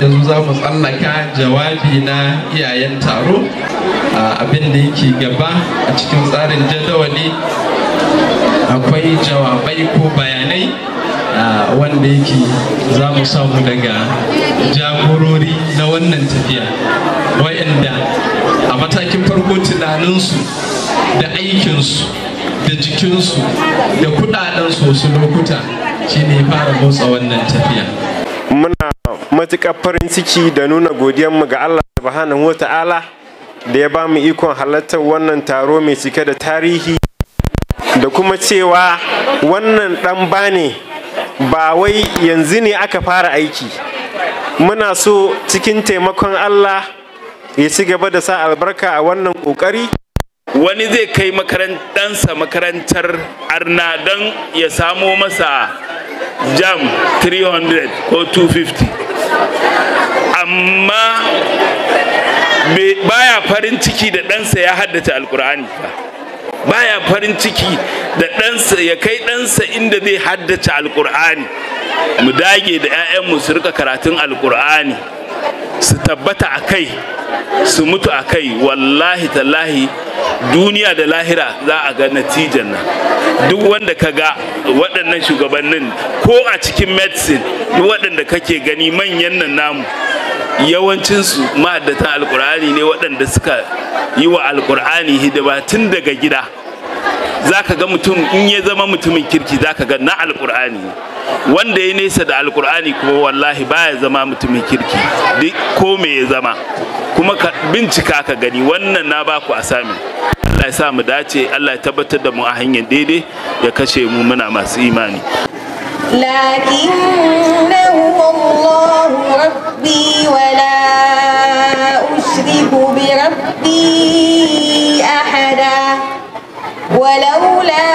yanzu za mu tsallaka jawabi na iyayen taro abin da yake gaba a cikin tsarin jadawali akwai jawabai ko bayanai wanda yake za mu samu daga jagorori na wannan tafiya wa'anda a matakin farko tunaninsu da aikinsu da jikinsu da kudadensu wasu lokuta shine fara motsa wannan tafiya muna matuƙar farin ciki da nuna godiyanmu ga Allah subhanahu wata'ala da ya ba mu ikon halartar wannan taro mai cike da tarihi da kuma cewa wannan ɗan ba ne ba wai yanzu ne aka fara aiki muna so cikin taimakon Allah ya ci gaba da sa albarka a wannan ƙoƙari wani zai kai ɗansa makarantar arna don ya samo masa jam 300 ko 250 amma baya farin ciki da ɗansa ya haddace alkur'ani baya farin ciki da ɗansa ya kai ɗansa inda zai haddace alkur'ani mu dage da 'ya'yanmu su rika karatun alkur'ani su tabbata a kai su mutu a kai wallahi tallahi duniya da lahira za a ga natijan nan duk wanda ka ga waɗannan shugabannin ko a cikin medicine duk waɗanda kake gani manyan nan namu yawancinsu ma'adatan alkur'ani ne waɗanda suka yi wa alkur'ani hidima tun daga gida zaka ga mutum in ya zama mutumin kirki zaka ga na alkur'ani wanda ya nesa da alkur'ani kuma wallahi baya zama mutumin kirki duk ko me ya zama kuma ka bincika ka gani wannan na baku sami Allah ya sa mu dace Allah ya tabbatar da mu a hanyar daidai ya kashe mu muna masu imani لكنه الله ربي ولا أشرك بربي أحدا ولولا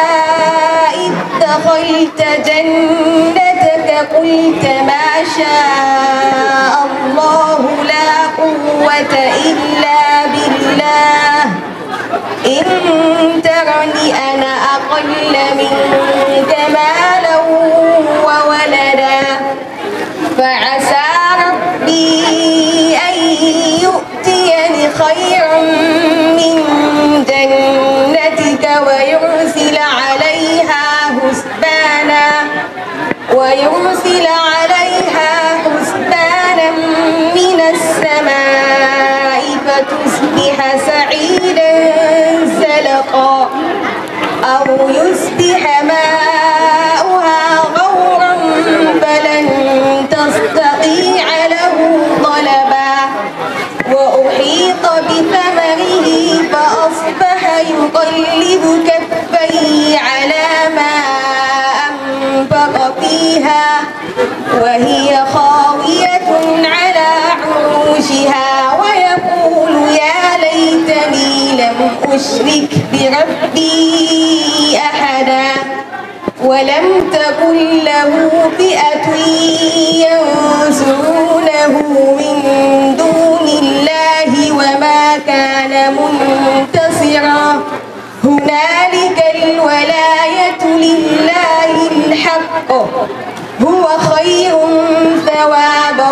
إذ دخلت جنتك قلت ما شاء الله لا قوة إلا بالله إن ترني أنا أقل منك مالا أحيط بثمره فأصبح يقلب كفيه على ما أنفق فيها وهي خاوية على عروشها ويقول يا ليتني لم أشرك بربي أحدا ولم تكن له فئة ينصرونه من دون منتصرا هنالك الولاية لله الحق هو خير ثوابا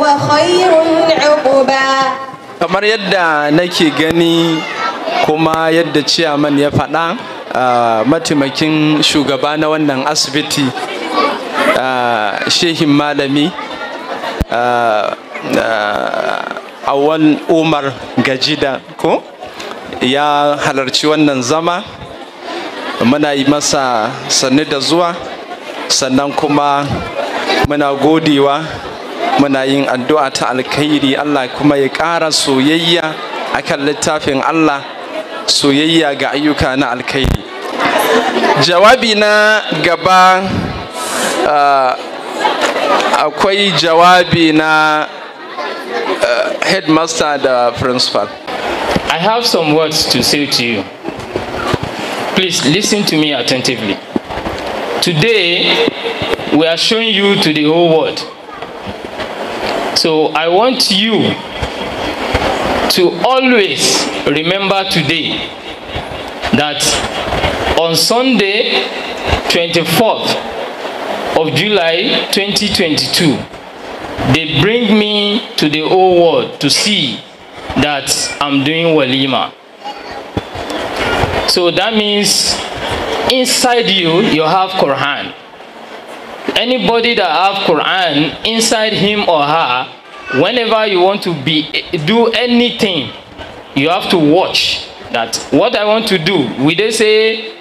وخير عقبا kamar yadda nake gani kuma yadda ciyaman ya faɗa ah, mataimakin shugaba na wannan asibiti ah, shehin malami awal ah, umar gajida ko ya halarci wannan zama muna yi masa sannu da zuwa sannan kuma muna godewa muna yin addu'a ta alkhairi Allah kuma ya ƙara soyayya a kan littafin Allah soyayya ga ayyuka na alkhairi jawabi na gaba akwai jawabi na headmaster da principal I have some words to say to you. Please listen to me attentively. Today, we are showing you to the whole world. So I want you to always remember today that on Sunday, 24th of July 2022, they bring me to the whole world to see that I'm doing walima. So that means inside you, you have Quran. Anybody that have Quran inside him or her, whenever you want to be do anything, you have to watch that what I want to do. Will they say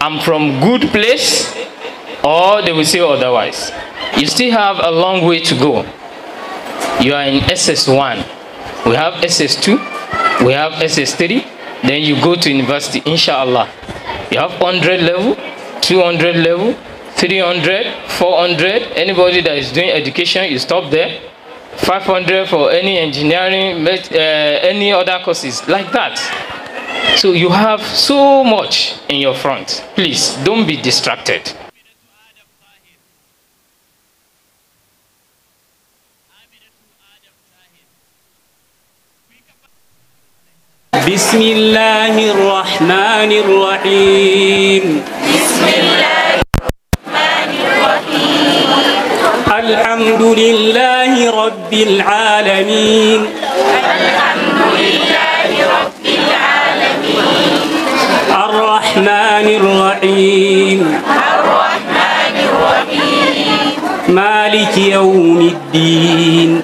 I'm from good place, or they will say otherwise? You still have a long way to go. You are in SS1 we have SS2, we have SS3, then you go to university, inshallah. You have 100 level, 200 level, 300, 400. Anybody that is doing education, you stop there. 500 for any engineering, uh, any other courses, like that. So you have so much in your front. Please, don't be distracted. بسم الله الرحمن الرحيم بسم الله الرحمن الرحيم الحمد لله رب العالمين الحمد لله رب العالمين الرحمن الرحيم الرحمن الرحيم مالك يوم الدين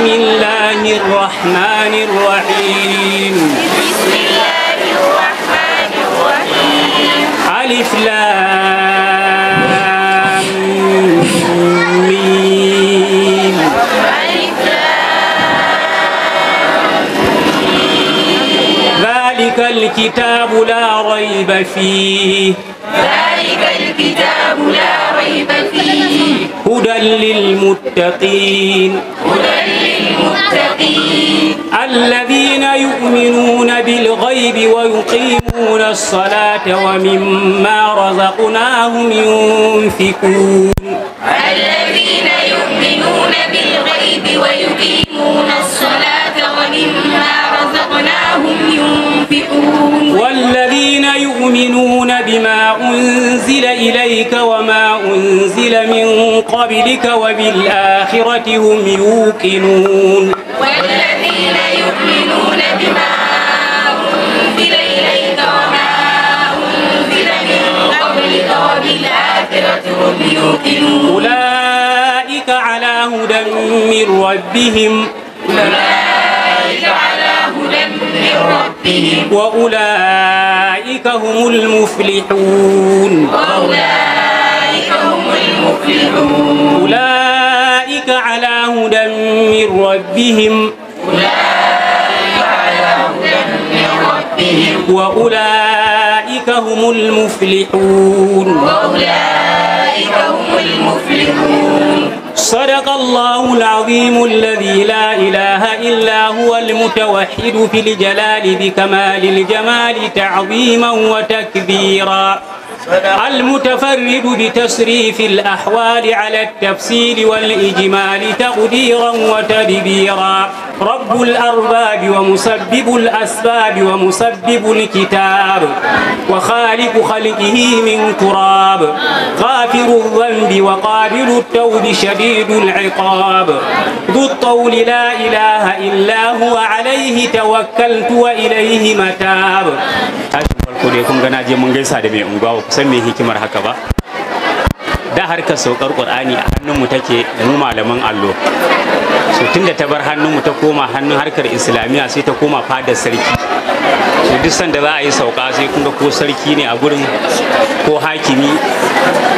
بسم الله الرحمن الرحيم بسم الله الرحمن الرحيم ألف لام ميم ذلك الكتاب لا ريب فيه ذلك الكتاب لا ريب فيه هدى للمتقين هدى المتقين الذين يؤمنون بالغيب ويقيمون الصلاة ومما رزقناهم ينفقون الذين يؤمنون بالغيب ويقيمون الصلاة ومما رزقناهم ينفقون والذين يؤمنون بما أنزل إليك وما أنزل من قبلك وبالآخرة هم يوقنون يوقنون أولئك على هدى من ربهم أولئك على هدى من ربهم وأولئك هم المفلحون وأولئك هم المفلحون أولئك على هدى من ربهم أولئك على هدى من ربهم وأولئك هم المفلحون وأولئك هم المفلحون صدق الله العظيم الذي لا إله إلا هو المتوحد في الجلال بكمال الجمال تعظيما وتكبيرا المتفرد بتصريف الأحوال على التفصيل والإجمال تقديرا وتدبيرا رب الأرباب ومسبب الأسباب ومسبب الكتاب وخالق خلقه من تراب غافر الذنب وقابل التوب شديد العقاب ذو الطول لا إله إلا هو عليه توكلت وإليه متاب. san me hikimar haka ba da harkar saukar qur'ani a hannunmu take mu malaman allo so tunda ta bar hannunmu ta koma hannun harkar islamiyya sai ta koma fadar sarki so duk sanda za a yi sauka sai kun ko sarki ne a gurin ko hakimi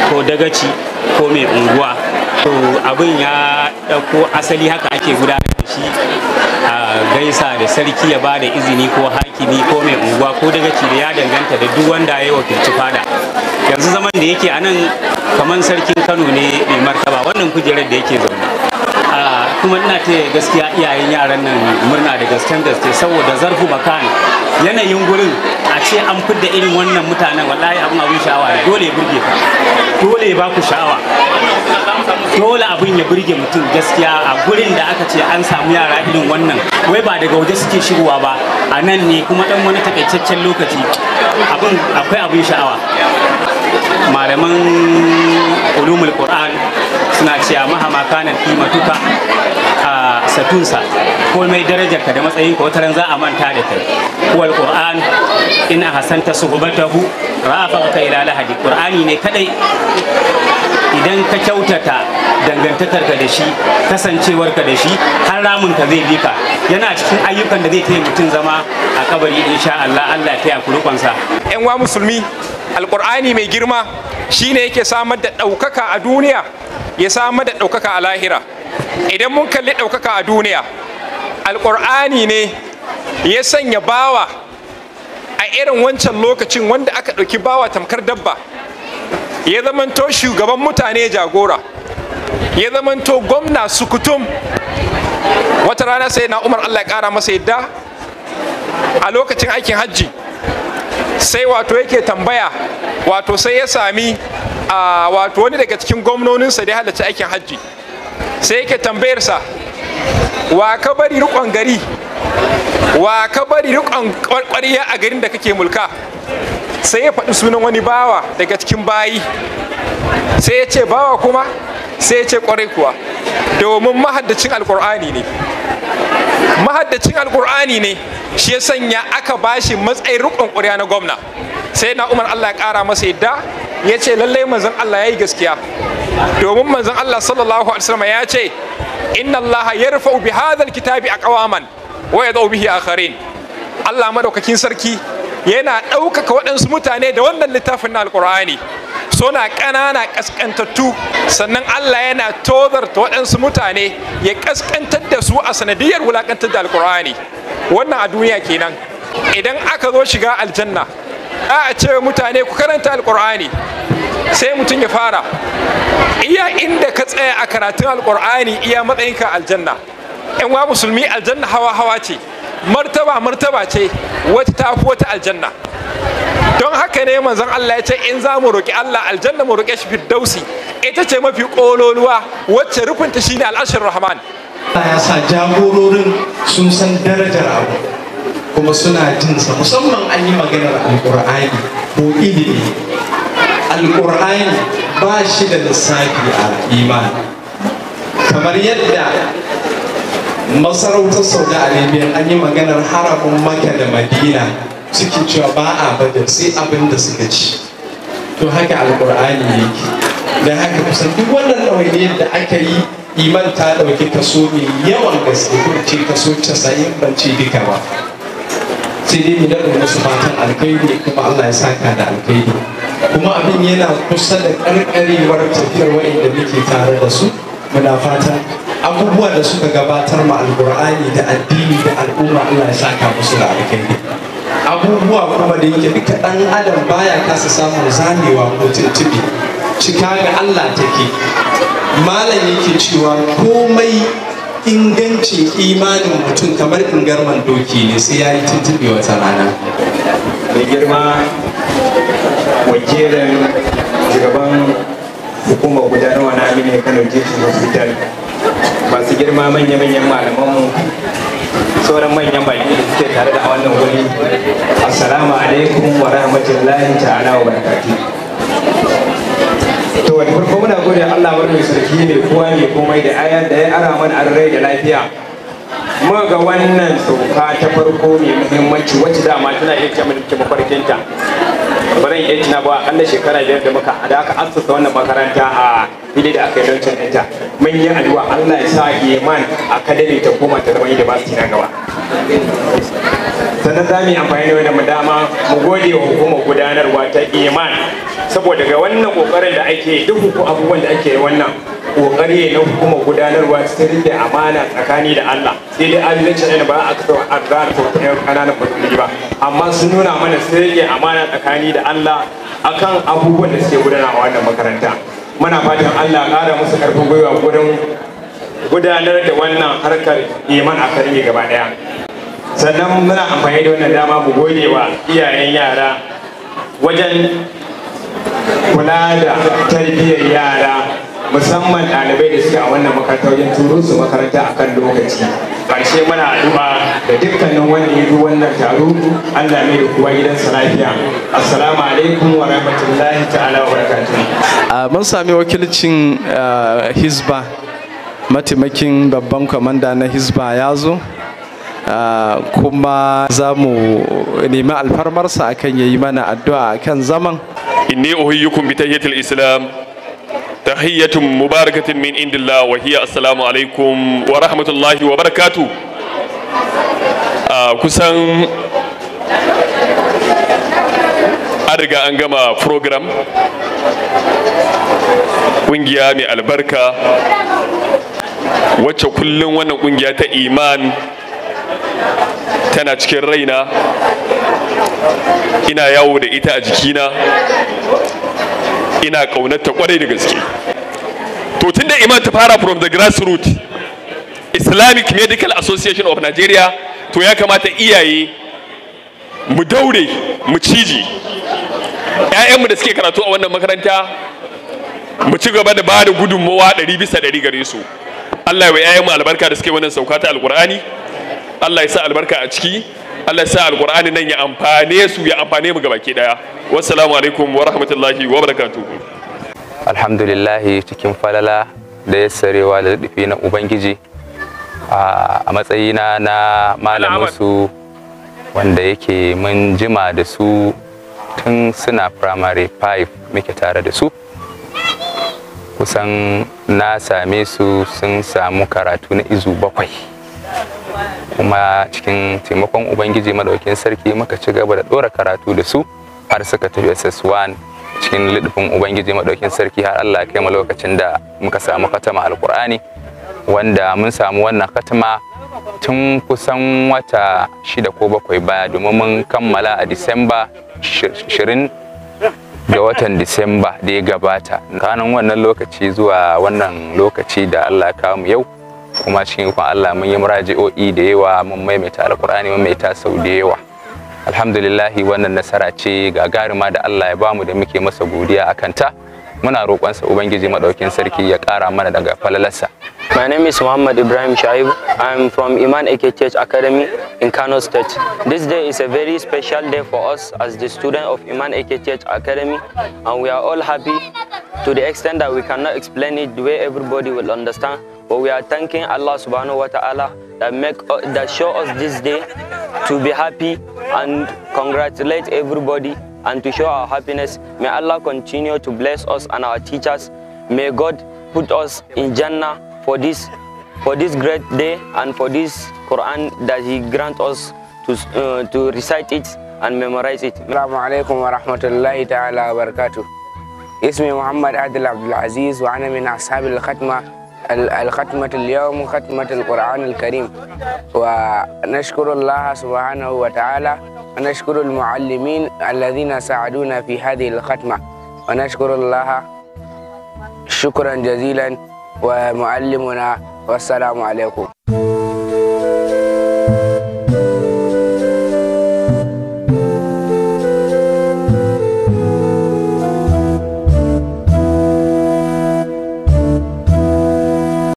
ko dagaci ko mai unguwa to abin ya dauko asali haka ake gudanar da shi a gaisa da sarki ya bada izini ko hakimi ko mai unguwa ko dagaci da ya danganta da duk wanda ya wakilci fada yanzu zaman da yake a nan kamar sarkin kano ne mai martaba wannan kujerar da yake zaune kuma ina ta gaskiya iyayen yaran nan murna da gasken gaske saboda zarfu bakan yanayin gurin a ce an fidda irin wannan mutanen wallahi abin abin sha'awa ne dole ya burge ka dole ya baku sha'awa dole abin ya burge mutum gaskiya a gurin da aka ce an samu yara irin wannan wai ba daga waje suke shigowa ba a nan ne kuma dan wani takaitaccen lokaci abin akwai abin sha'awa malaman ulumul qur'an suna cewa mahama kana fi matuka a satunsa ko mai darajarka da matsayin ka wataran za a manta da kai wal qur'an ina hasanta suhbatahu ka ila lahadi qur'ani ne kadai idan ka kyautata dangantakarka da shi kasancewarka da shi har ramunka zai bi ka yana cikin ayyukan da zai taya mutum zama a kabari insha Allah Allah ya kurukansa yan wa musulmi alqur'ani mai girma shine yake samar da ɗaukaka a duniya ya samar da ɗaukaka a lahira idan mun kalli ɗaukaka a duniya alqur'ani ne ya sanya bawa a irin wancan lokacin wanda aka ɗauki bawa tamkar dabba ya zamanto shugaban mutane jagora ya zamanto gwamna sukutum wata rana sai na umar allah ya kara masa yadda a lokacin aikin hajji sai wato yake tambaya wato sai ya sami a wato wani daga cikin gwamnoninsa da ya halarci aikin hajji sai yake tambayarsa wa ka bari rikon gari wa ka bari rikon kwarkwariya a garin da kake mulka sai ya faɗi sunan wani bawa daga cikin bayi sai ya ce bawa kuma sai ya ce kwarai kuwa domin mahaddacin alkur'ani ne mahaddacin alkur'ani ne shi ya sanya aka bashi matsayin rukun ƙuriya na gwamna sai na umar allah ya ƙara masa yadda ya ce lallai manzon allah ya yi gaskiya domin manzon allah sallallahu alaihi wasallam ya ce inna allaha ubi bi kitabi a ƙawaman wa yadau bihi akharin allah madaukakin sarki yana ɗaukaka waɗansu mutane da wannan littafin na alƙur'ani suna ƙanana ƙasƙantattu sannan allah yana tozarta waɗansu mutane ya ƙasƙantar da su a sanadiyar wulaƙantar da alƙur'ani wannan a duniya kenan idan aka zo shiga aljanna a cewa mutane ku karanta alƙur'ani sai mutum ya fara iya inda ka tsaya a karatun alƙur'ani iya matsayinka aljanna yan wa musulmi aljanna hawa hawa ce martaba martaba ce wata ta fi wata aljanna don haka ne manzon Allah ya ce in za mu roƙi Allah aljanna mu roƙe shi dausi ita ce mafi ƙololuwa wacce rufinta shine al'ashir rahman Allah ya sa jagororin sun san darajar abu kuma suna jin sa. musamman an yi maganar alƙur'ani ko ilimi alƙur'ani ba shi da lissafi a imani kamar yadda masarautar saudi alibiyar an yi maganar harafin maka da madina suke cewa ba a bada sai abin da suka ci to haka alkur'ani yake da haka kusan duk wannan ɗawainiyar da aka yi iman ta ɗauki kaso mai yawan gaske ko ce kaso casa'in ban ce duka ba sai dai mu daɗa musu fatan alkhairi kuma allah ya saka da alkhairi kuma abin yana kusa da ƙarƙarewar tafiyar wa'inda muke tare da su muna fatan abubuwa da suka gabatar ma alkur'ani da addini da al'umma Allah ya saka musu da alkhairi abubuwa kuma da yake duka dan adam baya kasa samun zamewa ko tuntubi cika ga Allah take malam yake cewa komai ingancin imanin mutum kamar ingarman doki ne sai ya yi tuntube wata rana mai girma wakilin shugaban hukumar gudanarwa na amina kano jikin hospital masu girma manya-manyan malamanmu sauran manyan baki da suke tare da wannan wuri assalamu alaikum wa rahmatullahi ta'ala wa barakatu to wani farko muna gode Allah wani sarki ne kowa ne komai da aya da ya ara mana an rai da lafiya mu ga wannan sauka ta farko mai muhimmanci wacce dama tana iya kyamun mafarkinta barin yanci na ba akalla shekara biyar da muka da aka asusta wannan makaranta a fili da aka yi lancin ɗinta mun yi addu'a Allah ya sa a kadari ta koma ta zama university na gaba sannan za mu yi amfani da wannan dama mu gode wa hukumar gudanarwa ta iman saboda ga wannan kokarin da ake duk abubuwan da ake wannan kokari na hukumar gudanarwa cikin rike amana tsakani da Allah sai dai adalci ne ba a kaso azar ko kananan matsaloli ba amma sun nuna mana sai rike amana tsakani da Allah akan abubuwan da suke gudanawa wannan makaranta muna fatan Allah ƙara musu karfin gwiwa gudun gudanar da wannan harkar iman a karye gaba daya sannan muna amfani da wannan dama mu gode wa iyayen yara wajen kula da tarbiyyar yara musamman ɗalibai da suke a wannan makaranta wajen turo su makaranta akan lokaci ƙarshe muna addu'a da dukkanin wanda ya zo wannan taro Allah mai da kuwa gidansa lafiya assalamu alaikum wa rahmatullahi ta'ala wa barakatuh mun sami wakilcin hisba mataimakin babban kwamanda na hisba ya zo kuma za mu nemi alfarmarsa akan yayi mana addu'a akan zaman inni uhiyyukum bi tahiyyatil islam tahiyyatun mubarakatin min indillah wa hiya assalamu alaikum wa rahmatullahi wa barakatu kusan an riga an gama program kungiya mai albarka wacce kullum wannan kungiya ta iman tana cikin raina ina yawo da ita a jikina ina kaunarta kwarai da gaske to tunda iman ta fara from the grassroots islamic medical association of nigeria to ya kamata iyaye mu daure mu ciji ‘ya'yanmu da suke karatu a wannan makaranta mu ci gaba da bada da gudunmawa ɗari bisa ɗari gare su allah ya wa ‘ya'yanmu albarka da suke wannan sauka ta alkur'ani allah ya sa albarka a ciki Allah sa alqur'ani nan ya amfane su ya amfane mu gabaki daya wassalamu alaikum wa rahmatullahi wa barakatuh alhamdulillah cikin falala da yassarewa da dafi na ubangiji a matsayina na malamin su wanda yake mun jima da su tun suna primary 5 muke tare da su kusan na same su sun samu karatu na izu bakwai kuma cikin taimakon ubangiji madaukin sarki muka ci gaba da ɗora karatu da su har suka tafi ss1 cikin lidufin ubangiji madaukin sarki har allah kai mu lokacin da muka samu katama alkur'ani wanda mun samu wannan katama tun kusan wata shida ko bakwai baya domin mun kammala a disamba 20 ga watan disamba da ya gabata kanan wannan lokaci zuwa wannan lokaci da allah ya kawo mu yau kuma cikin ikon Allah mun yi muraji'o'i da yawa mun maimaita alkur'ani mun maimaita sau da yawa alhamdulillahi wannan nasara ce gagarima da Allah ya bamu da muke masa godiya a kanta. muna roƙonsa ubangiji madaukin sarki ya ƙara mana daga falalarsa My name is Muhammad Ibrahim Shaib. I'm from Iman ake Church Academy in Kano State. This day is a very special day for us as the student of Iman ake Church Academy and we are all happy to the extent that we cannot explain it the way everybody will understand But we are thanking Allah subhanahu wa ta'ala that make uh, that show us this day to be happy and congratulate everybody and to show our happiness. May Allah continue to bless us and our teachers. May God put us in Jannah for this for this great day and for this Quran that he grant us to uh, to recite it and memorize it. Assalamu alaikum wa rahmatullahi ta'ala wa barakatuh. الختمة اليوم ختمة القرآن الكريم ونشكر الله سبحانه وتعالى ونشكر المعلمين الذين ساعدونا في هذه الختمة ونشكر الله شكرا جزيلا ومعلمنا والسلام عليكم